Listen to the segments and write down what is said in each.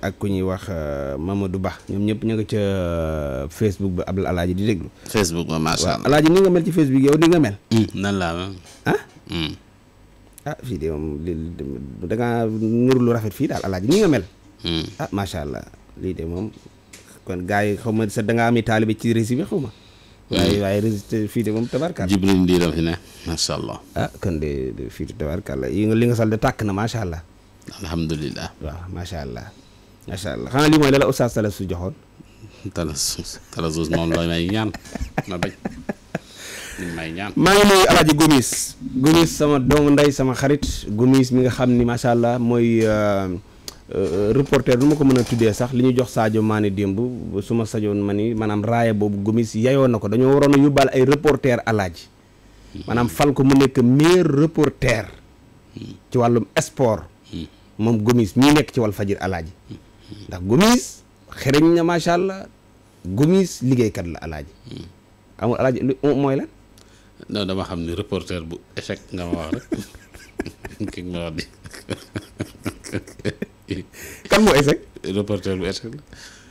ak ku ñuy wax euh, du Ba ñoom ñëpp ñu nga ca euh, Facebook ba ab alaaji di déglu. Facebook ba macha allah alaaji ni nga nga mel. Hmm, nan laa ah? Hmm. Ah, fii de moom li lu rafet fii daal alaaji nga mel. Hmm. ah lii de moom kon gars yi xaw ma sa da ngaa am taalibe ci rési bi ma. waaye waaye fii de moom tabarkàlla. Jibril allah. ah kon de fii de tabarkàlla li nga sal de tàkk na macha allah. macha allah. macha allah xanaa lii mooy la la oustaz talas su joxoon. talas talas moom la may ñaan ma bañ. may maa ngi nuyu alaaji Gomis Gomis sama doomu ndey sama xarit Gomis mi nga xam ni macha allah mooy euh, euh, reporter nu ma ko mën a tuddee sax li ñu jox saajo Mané démb su ma sajoon ma ni maanaam raaya boobu Gomis yayoo na ko dañoo waroon a yóbbaal ay reporter alaaji maanaam fal ko mu nekk meilleur reporter ci wàllum sport hmm. moom Gomis mii nekk ci Walfadjri alaaji ndax gomis xereñ na macha allah gomis liggéeykat la alaaji hmm. amul alaaji mooy lan non dama xam ni reporter bu échec nga ma wax rek ki ma wax di kan moo échec reporter bu échec la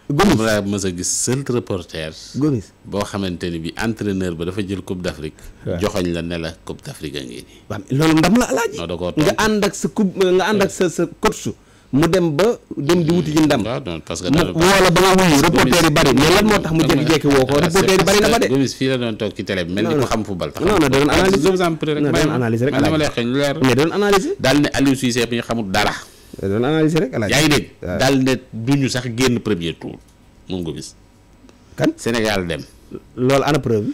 Gomis laa mës gis seul reporter. Gomis boo xamante ni bi entraîneur ba dafa jël coupe d' Afrique. joxoñ la ne coupe d' a ngi nii. waaw loolu ndam la alaaji. nga ànd ak sa coupe nga ànd ak sa sa coach mu dem ba dem di wuti ji ndam. parce que wala ba nga wuyu reporter yi bari mais lan moo tax mu jékki-jékki woo ko reporter yi bari na ba de. Gomis fii la doon toog ci télé bi mel ni ko xam football. non non da doon analyse rek man dama lay xëñ leer. mais da doon analyse. daal ne Aliou Cissé bi ñu xamul dara. da doon analyse rek alaaj. yaa ngi dégg daal ne duñu sax génn premier tour moom Gomis. kan Sénégal dem. loolu ana preuve bi.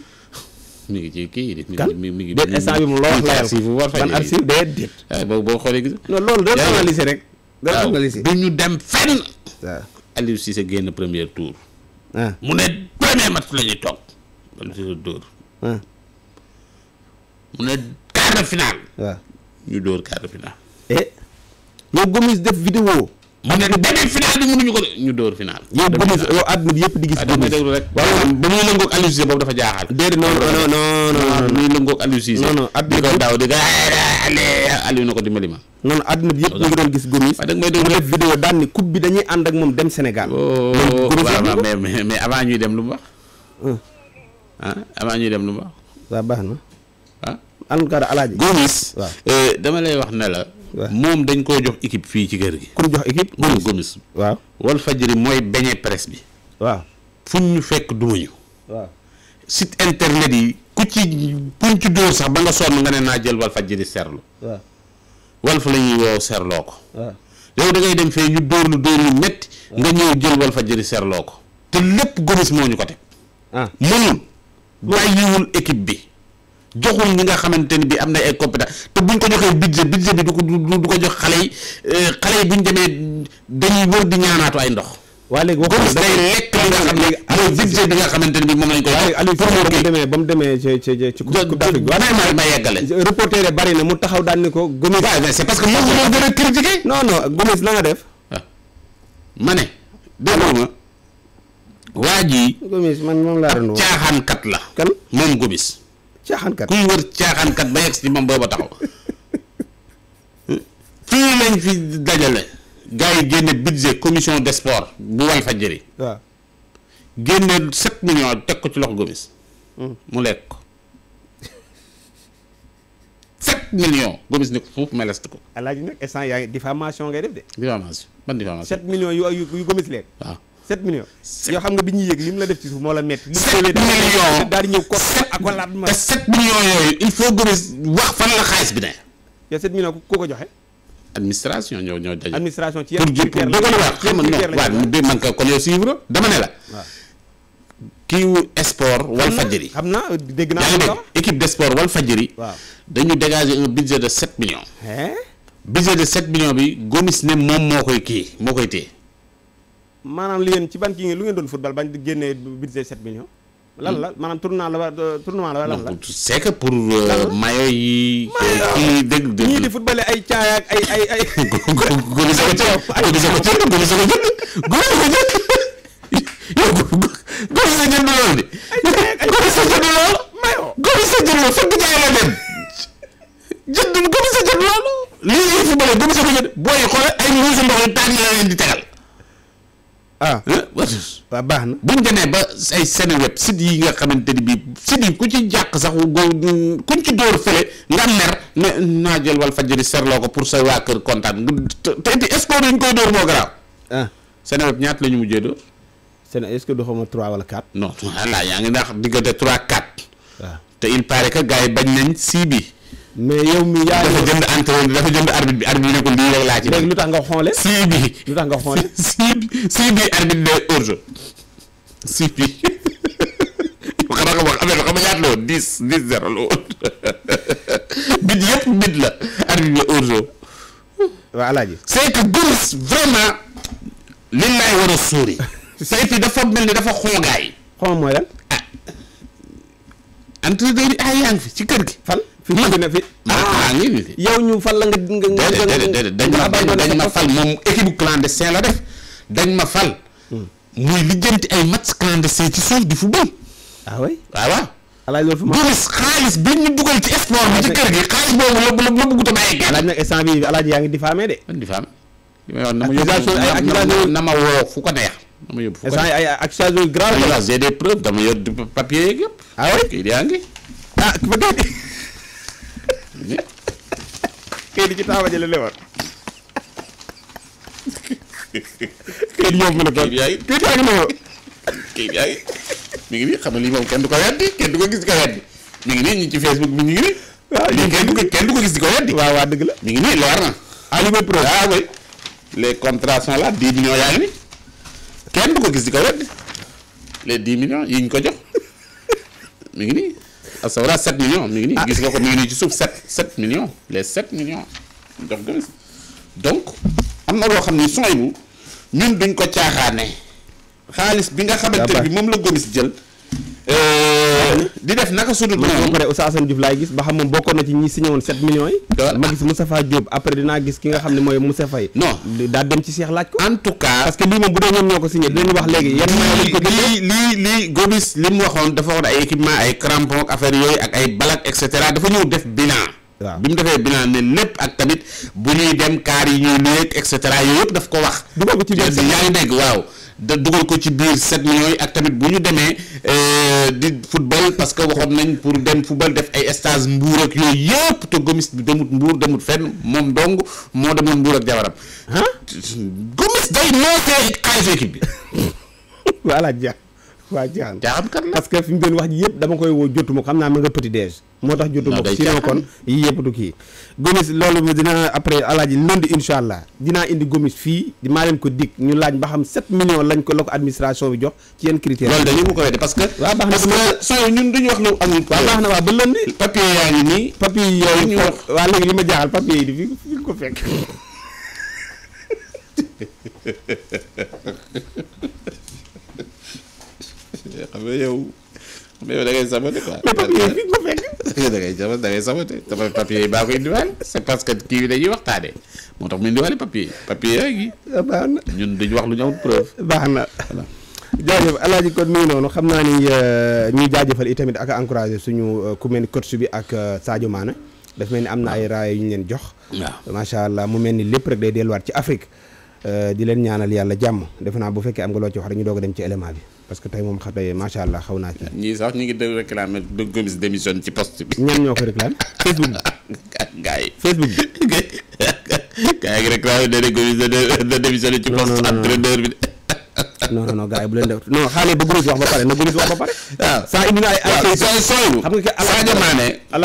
mi ngi ci kii mi ngi mi ngi. déet instant bi mu loo wax layal. archive bu war fay. ban archive déet déet. Eh, boo boo xoolee gis. non loolu doon analyse rek. waaw du ñu dem fenn. waaw Aliou Cissé génn première tour. Ah. mu ne premier match la ñuy toog. Ah. mu ne quart finale. waaw ñu dóor quart finale. et. Eh? yow Gomis def vidéo. mu ne demi final bi mënuñu ko ñu dóor final. yow yow àdduna bi yëpp di gis. Ah, dama déglu ba muy lëngoog Aliou boobu dafa jaaxal. déedéet non non non non. muy lëngoog Aliou Cissé. àdduna ko daaw eh, eh, eh, ma. non àdduna bi yëpp ñu ngi doon gis Gomis. waaw dëgg may déglu def vidéo daan ni coupe bi dañuy ànd ak moom dem senegal loolu oh, mais avant ñuy dem lu mu wax. Ah, ñuy dem lu mu baax na. ah Alioune Kara Gomis. waaw dama lay wax ne la. moom dañ koo jox équipe fii ci kër gi. ku jox équipe. Gomis Gomis. waaw Walfadjri mooy beñe presse bi. waaw fu ñu fekk duma ñu. waaw site internet yi ku ci kuñ ci dóor sax ba nga sonn nga ne naa jël Walfadjri seerlu. waaw Walf la ñuy woo seerloo ko. waaw yow da ngay dem fee ñu dóor lu dóor lu métti. nga ñëw jël Walfadjri seerloo ko. te lépp Gomis moo ñu ko teg. ah mënul bàyyiwul équipe bi. joxul ñi nga xamante ni bi am na ay compétence te buñ ko joxee budget budget bi du ko du ko jox xale yi euh, xale yi buñ demee dañuy wër di ñaanaatu ay ndox. waa léegi waxuñu comme day lekk li nga xam bi xamante ne bi moom demee ba mu demee ci ci ma yeggale. reporter yi bari na mu taxaw daal ni ko Gomis. waaw mais c'est parce que moom moo gën a critiqué. non non Gomis la nga def. Ah. ma ne. déggoo ma. waa ji. Gomis man moom laa doon wax moom Gomis. caaxaankat kuy wër caaxaankat ba yegg si moom booba taxaw fii lañ fi dajale gars yi génne budget commission des sports bu Walfadjri waaw génne sept millions teg ko ci loxo Gomis mu lekk ko sept millions ni ko foofu melest ko alaaji nag instant yaa diffamation ngay def de diffamation ban diffamation sept millions yu yu lekk waaw 7 millions yoo xam nga bi ñuy yëg li mu la def ci suuf moo la metti 7 millions daal di ñëw ko ak wala te 7 millions yooyu il faut gën wax fan la xaalis bi ne yow 7 millions ku ko joxe administration ñoo ñoo daje administration ci pour jëpp dogal waa xam nga non waaw bi man ko kon na dégg naa yaa de sport wal fajiri waaw dañu dégager un budget de 7 millions budget de 7 bi Gomis ne moom moo koy kii moo koy téye maanaam li yéen ci ban kii ngeen lu ngeen doon football bañ di génnee budget 7 millions. lan la maanaam tournoi la wa tournoi la lan la. c' est que pour mayo yi. kii ay caaya ak la dem. jënd góor sa jënd sa ko jënd booy xool ay muusu ndox yu tàng la leen di tegal. ah eh, waaw baax na bu ñu demee ba ay Seneweb site yi nga xamante ni bii site yi ku ci jàq sax go kuñ ci dóor fële nga mer ne naa jël wal fajiri serloo ko pour sa waa kër kontaan te te espoir yi ñu koy dóor moo garaaw ah Seneweb ñaat la ñu mujjee dóor Sene est-ce que du xawma trois wala quatre non voilà yaa ngi ndax diggante trois quatre waaw ah. te il paraît que gars yi bañ nañ sii bi mais yow mi yaa dafa jënd entraîneur dafa jënd arbitre bi arbitre bi ne ko lii rek laa ci. léegi lu tax nga xoole si bi lu bi si bi bi wax affaire xam nga ñaata la woon dix dix zéro la woon bit yëpp bit la arbitre de vraiment. lillaay war a suuri. saytu dafa dafa xoogaay. xoom mooy ah. ah, ci kër gi fan. Ah, fi yow ñu fal la nga. dañ ma dañ ma fal moom équipe clandestin la def dañ ma fal. Hmm. muy lijjanti ay match clandestin ci suuf di football. ah oui ah, waaw alaaj loolu fi ma gis xaalis bi ñu dugal ci sport bi ci kër gi xaalis boobu la la la bëggut a bàyyi. alaaj yaa ngi diffamé de. man diffamé li may wax na ma yóbbu na ma woo fu ko neex. na ma yóbbu fu ko neex ay accusations graves. j'ai des preuves dama yor papier yeeg yëpp. ah xëy ci taaba jële lewar xëy na yomb na ko yaay këyit ngi nii xam nga lii moom kenn du ko weddi kenn du ko gis di ko weddi mi ngi nii ñu ci Facebook bi ngi nii kenn du ko gis di weddi waaw waaw dëgg la mi ngi nii leer na ah li may pro ah oui les contrats sont là dix yaa ngi nii kenn du ko gis di ko weddi les dix millions yi ko jox mi ngi nii Asawra 7 millions mi ngi nii ah. gis nga ko mi ngi nii ci suuf 7 7 millions les 7 millions donc am na loo xam ni sooy ñun duñ ko caaxaane xaalis bi nga xamante bi moom la gomis jël Euh, di def naka sudul man boo paree Oustaz Assane Diouf laay gis ba xam moom bokkoon na ci ñi signé woon 7 millions yi euh, ma gis Moustapha Diop après dinaa gis ki nga xam ne mooy Moussa Faye non daa dem ci Cheikh laaj ko en tout cas parce que lii moom bu dee ñoom ñoo ko signé dinañu wax léegi yan may ko lii lii lii Gomis li mu waxoon dafa waxoon ay équipement ay crampon ak affaire yooyu ak ay balak et cetera dafa ñëw def bilan waaw bi mu defee bilan ne lépp ak tamit bu ñuy dem kaar yi ñuy léeg et cetera yooyu yëpp daf ko wax. dugal ko ci biir yaa ngi dégg waaw. da ko ci biir sept millions yi ak tamit bu ñu demee euh, di football parce que waxoon nañ pour dem football def ay stage mbuur ak yooyu yëpp te gomis bi demut mbuur demut fenn moom dong moo demoon mbuur ak jabaram. gomis day nootee xaalis équipe bi. voilà. waaw jaaxam jaaxam kat la parce wax ji yëpp dama koy woo jotuma ko xam naa ma nga petit déj moo tax jotuma ko sinon kon yii yëpp du kii gomis loolu dina après alaaji lundi incha allah dinaa indi gomis fii maa leen ko dikk ñu laaj ba xam 7 lañ ko la ko administration bi jox ci yenn critères loolu dañu ko koy de parce que waaw baax na parce que sooy ñun duñu wax lu am waaw baax na waaw ba lundi papier yaa ngi nii papier yooyu waaw léegi li ma jaaxal papier xam nga yow xam nga yow da ngay saboté da ngay saboté da baa ko indiwaale c'est parce que kii bi dañuy waxtaanee moo tax mu indiwaale papier yi papier yaa ngi. Ah, baax na wax lu ñu amul preuve. na voilà. jaajëf alaaji kon mi ngi noonu xam naa ni euh, ñuy jaajëfal itamit ak a suñu euh, ku mel ni coach bi ak euh, Sadio Mané daf mel ni am na ay raaya yu ñu leen jox waaw macha allah mu mel ni lépp rek day delluwaat ci Afrique di leen ñaanal yàlla jàmm defe naa bu fekkee am nga loo ci wax rek ñu doog a dem ci élément bi parce que tey moom xa tey macha allah xaw naa ci. ñii sax ñu ngi déglu réclamer ba Gomis démission ci poste bi. ñan ñoo ko réclame Facebook bi. gars yi Facebook bi. gars yi réclamer nee na Gomis da démission ci poste entraîneur bi. non non non gars yi bu leen def non xaale ba Gomis wax ba pare na Gomis wax ba pare. saa indi na ay ay. waaw sooy sooy xam nga.